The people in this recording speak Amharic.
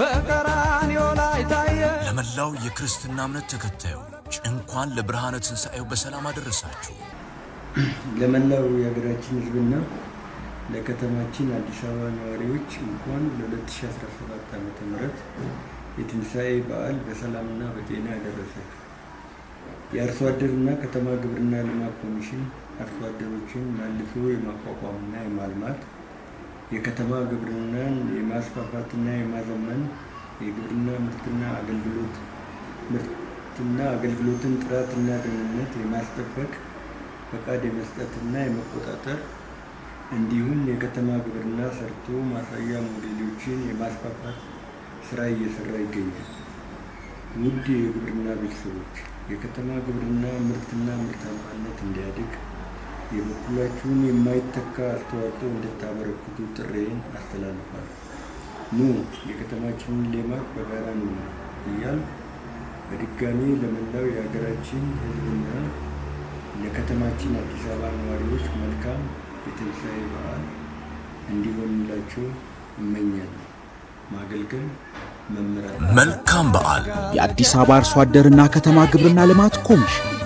በቀራንዮ ላይ ታየ። ለመላው የክርስትና እምነት ተከታዮች እንኳን ለብርሃነ ትንሣኤው በሰላም አደረሳችሁ። ለመላው የሀገራችን ሕዝብና ለከተማችን አዲስ አበባ ነዋሪዎች እንኳን ለ2017 ዓ ም የትንሣኤ በዓል በሰላምና በጤና ያደረሳችሁ። የአርሶ አደርና ከተማ ግብርና ልማት ኮሚሽን አርሶ አደሮችን መልሶ የማቋቋምና የማልማት የከተማ ግብርናን የማስፋፋትና የማዘመን የግብርና ምርትና አገልግሎት ምርትና አገልግሎትን ጥራትና ደህንነት የማስጠበቅ ፈቃድ የመስጠትና የመቆጣጠር እንዲሁም የከተማ ግብርና ሰርቶ ማሳያ ሞዴሎችን የማስፋፋት ስራ እየሰራ ይገኛል። ውድ የግብርና ቤተሰቦች የከተማ ግብርና ምርትና ምርታማነት እንዲያድግ የበኩላችሁን የማይተካ አስተዋጽኦ እንድታበረክቱ ጥሬን አስተላልፋለሁ። ኑ የከተማችንን ልማት በጋራ ነው እያል በድጋሜ ለመላው የሀገራችን ሕዝብና ለከተማችን አዲስ አበባ ነዋሪዎች መልካም የትንሣኤ በዓል እንዲሆንላቸው እመኛለሁ። ማገልገል መምራት መልካም በዓል። የአዲስ አበባ አርሶ አደርና ከተማ ግብርና ልማት ኮሚሽን